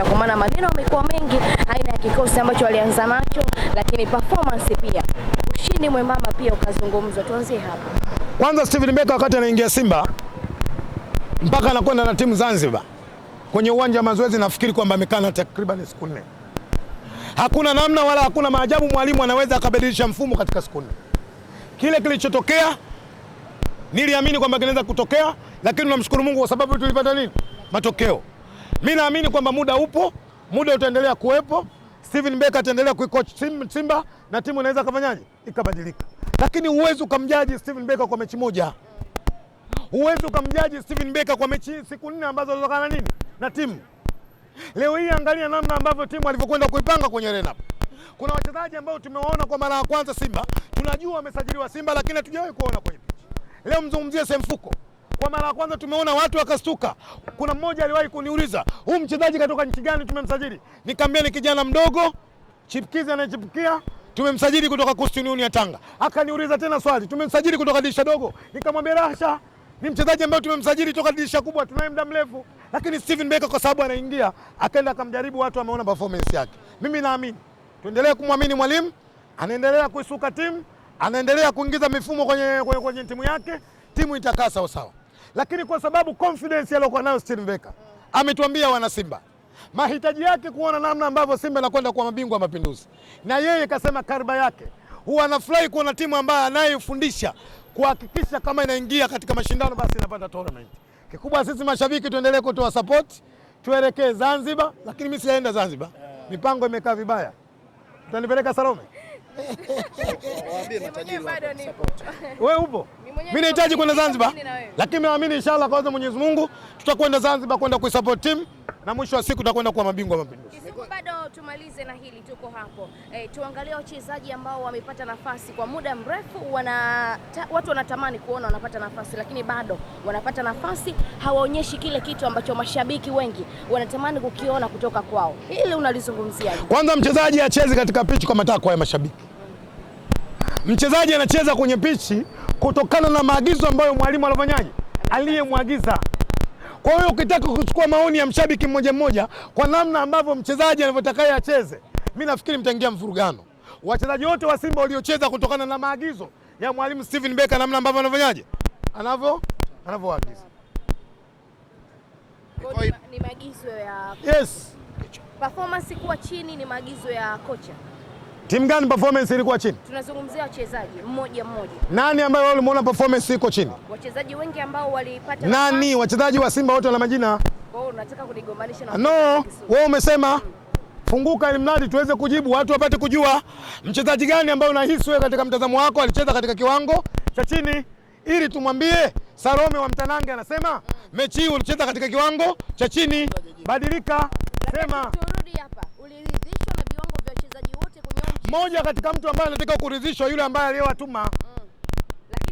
kwa maana maneno yamekuwa mengi aina ya kikosi ambacho walianza nacho, lakini performance pia, ushindi mwembamba pia ukazungumzwa. Tuanzie hapo kwanza. Steven Mbeka wakati anaingia Simba mpaka anakwenda na timu Zanzibar kwenye uwanja wa mazoezi, nafikiri kwamba amekaa na takriban siku nne. Hakuna namna wala hakuna maajabu, mwalimu anaweza akabadilisha mfumo katika siku nne. Kile kilichotokea niliamini kwamba kinaweza kutokea, lakini tunamshukuru Mungu kwa sababu tulipata nini matokeo Mi naamini kwamba muda upo, muda utaendelea kuwepo. Steven Beka ataendelea kuikoach Simba na timu inaweza kafanyaje ikabadilika, lakini huwezi ukamjaji Steven Beka kwa mechi moja, huwezi ukamjaji Steven Beka kwa mechi siku nne ambazo alizokana nini na timu. Leo hii angalia namna ambavyo timu alivyokwenda kuipanga kwenye lineup. Kuna wachezaji ambao tumewaona kwa mara ya kwanza Simba, tunajua wamesajiliwa Simba, lakini hatujawahi kuona kwenye pichi. Leo mzungumzie Semfuko kwa mara ya kwanza tumeona watu wakastuka. Kuna mmoja aliwahi kuniuliza huu mchezaji katoka nchi gani tumemsajili? Nikamwambia ni kijana mdogo chipkizi anayechipukia tumemsajili kutoka Coastal Union ya Tanga. Akaniuliza tena swali, tumemsajili kutoka dirisha dogo? Nikamwambia rasha, ni mchezaji ambaye tumemsajili toka dirisha kubwa, tunaye muda mrefu, lakini Steven Beka kwa sababu anaingia, akaenda akamjaribu, watu wameona performance yake. Mimi naamini tuendelee kumwamini mwalimu, anaendelea kuisuka timu, anaendelea kuingiza mifumo kwenye, kwenye, kwenye timu yake, timu itakaa sawasawa lakini kwa sababu confidence aliyokuwa nayo Steven Becker ametuambia wana Simba mahitaji yake kuona namna ambavyo Simba inakwenda kwa mabingwa mapinduzi, na yeye kasema karba yake huwa anafurahi kuona timu ambayo anayefundisha kuhakikisha kama inaingia katika mashindano basi inapata tournament. Kikubwa sisi mashabiki tuendelee kutoa support, tuelekee Zanzibar, lakini mimi sijaenda Zanzibar, mipango imekaa vibaya. Utanipeleka Salome? Wewe upo mimi nahitaji kwenda Zanzibar, lakini naamini inshallah kwa Mwenyezi Mungu tutakwenda Zanzibar kwenda kuisupport team na mwisho wa siku tutakwenda kuwa mabingwa mapinduzi. Kisiku bado tumalize na hili, tuko hapo e, tuangalie wachezaji ambao wamepata nafasi kwa muda mrefu wana, ta, watu wanatamani kuona wanapata nafasi, lakini bado wanapata nafasi, hawaonyeshi kile kitu ambacho mashabiki wengi wanatamani kukiona kutoka kwao. Hili unalizungumzia Kwanza mchezaji acheze katika pichi kwa matakwa ya mashabiki. Mchezaji anacheza kwenye pichi kutokana na maagizo ambayo mwalimu alofanyaje aliyemwagiza. Kwa hiyo ukitaka kuchukua maoni ya mshabiki mmoja mmoja kwa namna ambavyo mchezaji anavyotakaye acheze, mi nafikiri mtaingia mvurugano. Wachezaji wote wa Simba waliocheza kutokana na maagizo ya mwalimu Steven Becker, namna ambavyo anavyofanyaje anavyo anavyoagiza ni maagizo ya yes. Performance kuwa chini ni maagizo ya kocha. Timu gani performance ilikuwa chini? Tunazungumzia wachezaji mmoja mmoja. Nani ambaye wewe ulimuona performance iko chini? Wachezaji wengi ambao walipata Nani? Wachezaji wa Simba wote wana majina. Kwa hiyo unataka kunigombanisha na No, wewe umesema hmm. Funguka ili mradi tuweze kujibu, watu wapate kujua mchezaji gani ambaye unahisi wewe katika mtazamo wako alicheza katika kiwango cha chini ili tumwambie Salome wa Mtanange anasema mm. mechi hii ulicheza katika kiwango cha chini, badilika, sema. moja katika mtu ambaye anataka kuridhishwa yule ambaye aliyowatuma mm.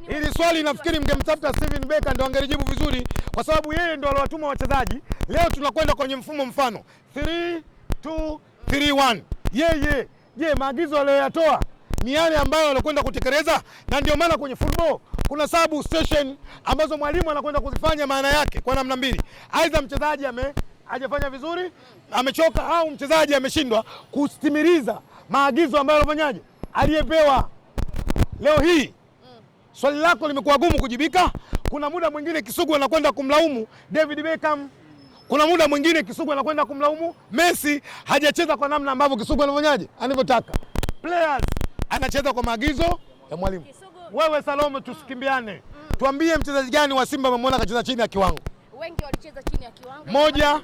Hili mm. swali nafikiri mngemtafuta Steven Becker ndio angelijibu vizuri, kwa sababu yeye ndio aliwatuma wachezaji. Leo tunakwenda kwenye mfumo mfano 3 2 3 1. Yeye je, maagizo aliyoyatoa ni yale ambayo wanakwenda kutekeleza? Na ndio maana kwenye football kuna sabu station ambazo mwalimu anakwenda kuzifanya, maana yake kwa namna mbili, aidha mchezaji ame hajafanya vizuri, amechoka au mchezaji ameshindwa kustimiliza maagizo ambayo alofanyaje aliyepewa. Leo hii swali lako limekuwa gumu kujibika. Kuna muda mwingine Kisugu anakwenda kumlaumu David Beckham, kuna muda mwingine Kisugu anakwenda kumlaumu Messi. Hajacheza kwa namna ambavyo Kisugu anafanyaje anavyotaka, players anacheza kwa maagizo ya mwalimu. Wewe Salome, tusikimbiane, tuambie mchezaji gani wa Simba amemwona akacheza chini ya kiwango? Wengi walicheza chini ya kiwango moja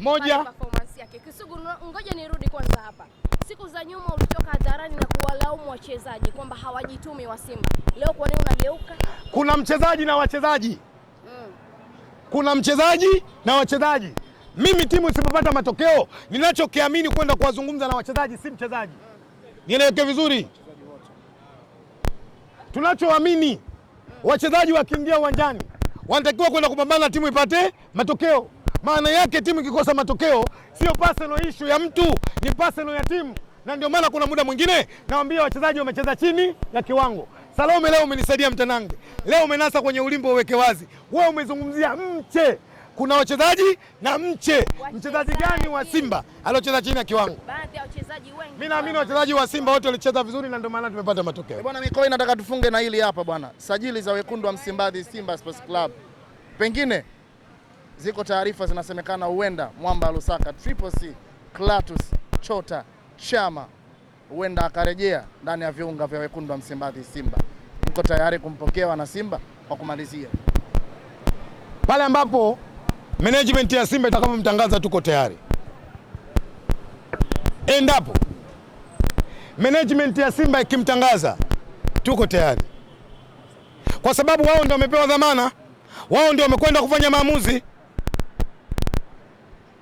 moja yake. Kisugu, ngoja nirudi kwanza hapa. Siku za nyuma ulitoka hadharani na kuwalaumu wachezaji kwamba hawajitumi wa Simba. Leo kwa nini unageuka? Kuna mchezaji na wachezaji mm. Kuna mchezaji na wachezaji. Mimi timu isipopata matokeo, ninachokiamini kwenda kuwazungumza na wachezaji, si mchezaji mm. Nieleweke vizuri, tunachoamini mm. Wachezaji wakiingia uwanjani wanatakiwa kwenda kupambana, timu ipate matokeo maana yake timu ikikosa matokeo sio personal issue ya mtu, ni personal ya timu, na ndio maana kuna muda mwingine nawaambia wachezaji wamecheza chini ya kiwango. Salome, leo umenisaidia mtanange, leo umenasa kwenye ulimbo, uweke wazi. Wewe umezungumzia mche, kuna wachezaji na mche. Mchezaji gani wa Simba aliocheza chini ya kiwango? Mimi naamini wachezaji wa Simba wote walicheza vizuri, na ndio maana tumepata matokeo bwana. Mikoi, nataka tufunge na hili hapa bwana, sajili za wekundu wa Msimbazi, Simba Sports Club pengine Ziko taarifa zinasemekana huenda mwamba Lusaka Triple C Klatus Chota Chama huenda akarejea ndani ya viunga vya wekundu wa Msimbazi Simba. Mko tayari kumpokea wana Simba? Kwa kumalizia, pale ambapo management ya Simba itakapomtangaza tuko tayari, endapo management ya Simba ikimtangaza tuko tayari, kwa sababu wao ndio wamepewa dhamana, wao ndio wamekwenda kufanya maamuzi.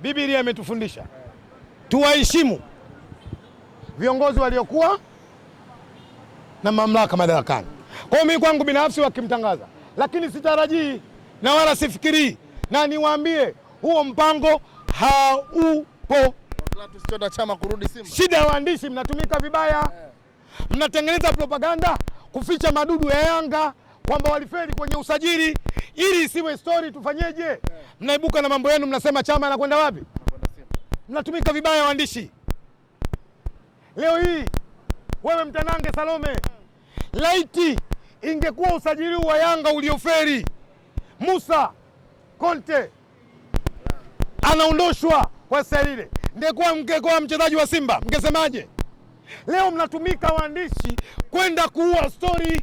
Biblia imetufundisha tuwaheshimu viongozi waliokuwa na mamlaka madarakani. Kwa hiyo mimi kwangu binafsi wakimtangaza, lakini sitarajii na wala sifikirii, na niwaambie huo mpango haupo. Shida ya waandishi, mnatumika vibaya, eh. mnatengeneza propaganda kuficha madudu ya Yanga kwamba walifeli kwenye usajili. Ili isiwe stori, tufanyeje? Mnaibuka na mambo yenu, mnasema Chama anakwenda wapi? Mnatumika vibaya waandishi. Leo hii wewe mtanange Salome, laiti ingekuwa usajili wa Yanga ulioferi, Musa Konte anaondoshwa kwa staili ile, ndekuwa mngekuwa mchezaji wa Simba mngesemaje? Leo mnatumika waandishi kwenda kuua stori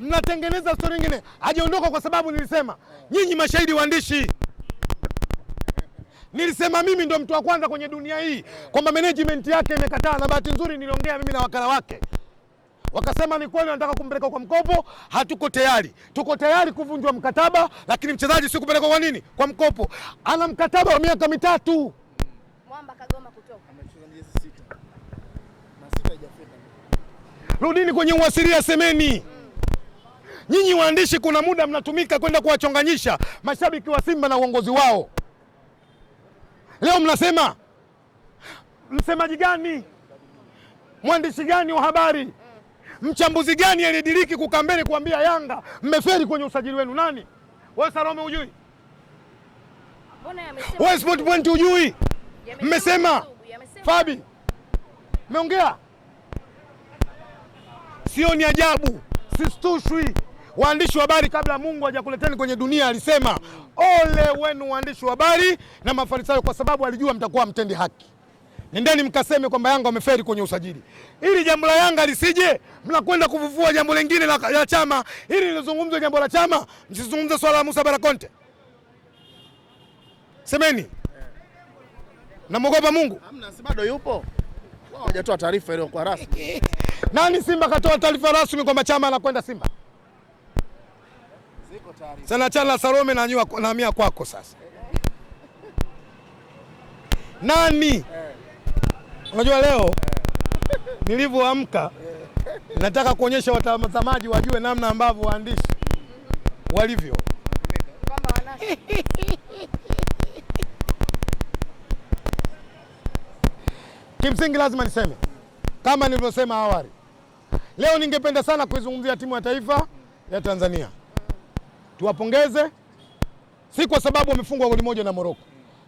mnatengeneza story nyingine. Hajaondoka kwa sababu nilisema nyinyi mashahidi waandishi, nilisema mimi ndo mtu wa kwanza kwenye dunia hii kwamba management yake imekataa, na bahati nzuri niliongea mimi na wakala wake wakasema ni kweli, nataka kumpeleka kwa mkopo, hatuko tayari. Tuko tayari kuvunjwa mkataba, lakini mchezaji si kupeleka kwa nini? Kwa mkopo. Ana mkataba wa miaka mitatu. Mwamba kagoma kutoka, rudini kwenye uasiria, semeni Nyinyi waandishi, kuna muda mnatumika kwenda kuwachonganyisha mashabiki wa Simba na uongozi wao. Leo mnasema msemaji gani, mwandishi gani wa habari, mchambuzi gani aliyediriki mbele kuambia Yanga mmeferi kwenye usajili wenu? Nani wewe, Salome hujui? Wewe Sport Point hujui? Mmesema Fabi meongea sio ni ajabu, sistushwi waandishi wa habari kabla Mungu hajakuleteni kwenye dunia alisema, ole wenu waandishi wa habari na Mafarisayo, kwa sababu alijua mtakuwa mtendi haki. Nendeni mkaseme kwamba Yanga ameferi kwenye usajili, ili jambo la Yanga lisije mnakwenda kuvuvua jambo lingine la, la chama. Ili lizungumzwe jambo la chama, msizungumze swala la Musa Barakonte. Semeni namwogopa Mungu. Hamna, si bado yupo hajatoa taarifa ile kwa rasmi. Nani Simba katoa taarifa rasmi kwamba chama anakwenda Simba? sana chana Salome na naamia kwako sasa. Nani unajua leo nilivyoamka, nataka kuonyesha watazamaji wajue namna ambavyo waandishi walivyo Kimsingi lazima niseme kama nilivyosema awali, leo ningependa sana kuizungumzia timu ya taifa ya Tanzania tuwapongeze, si kwa sababu wamefungwa goli moja na Moroko,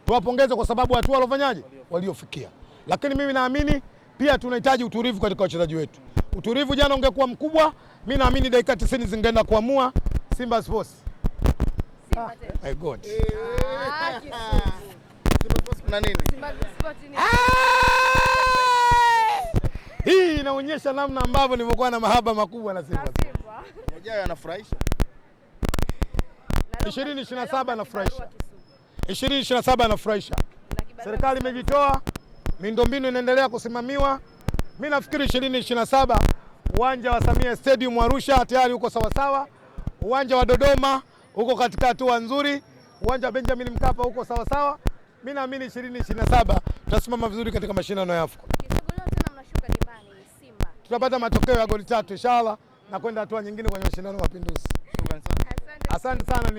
tuwapongeze kwa sababu hatua waliofanyaje, waliofikia. Lakini mimi naamini pia tunahitaji utulivu katika wachezaji wetu. Utulivu jana ungekuwa mkubwa, mi naamini dakika 90 zingeenda kuamua Simba Sports. Ah, my God. Eh, eh, ah, Hii inaonyesha namna ambavyo nilivyokuwa na mahaba makubwa na Simba. Mmoja anafurahisha ishirini ishirini inafurahisha, Serikali imejitoa, miundombinu inaendelea kusimamiwa. Mi nafikiri ishirini uwanja wa Samia Stadium Arusha tayari uko sawasawa, uwanja wa Dodoma uko katika hatua nzuri, uwanja wa Benjamin Mkapa uko sawasawa. Mi naamini ishirini tutasimama vizuri katika mashindano ya AFCON, tutapata matokeo ya goli tatu inshallah na kwenda hatua nyingine kwenye mashindano ya Mapinduzi. Asante sana.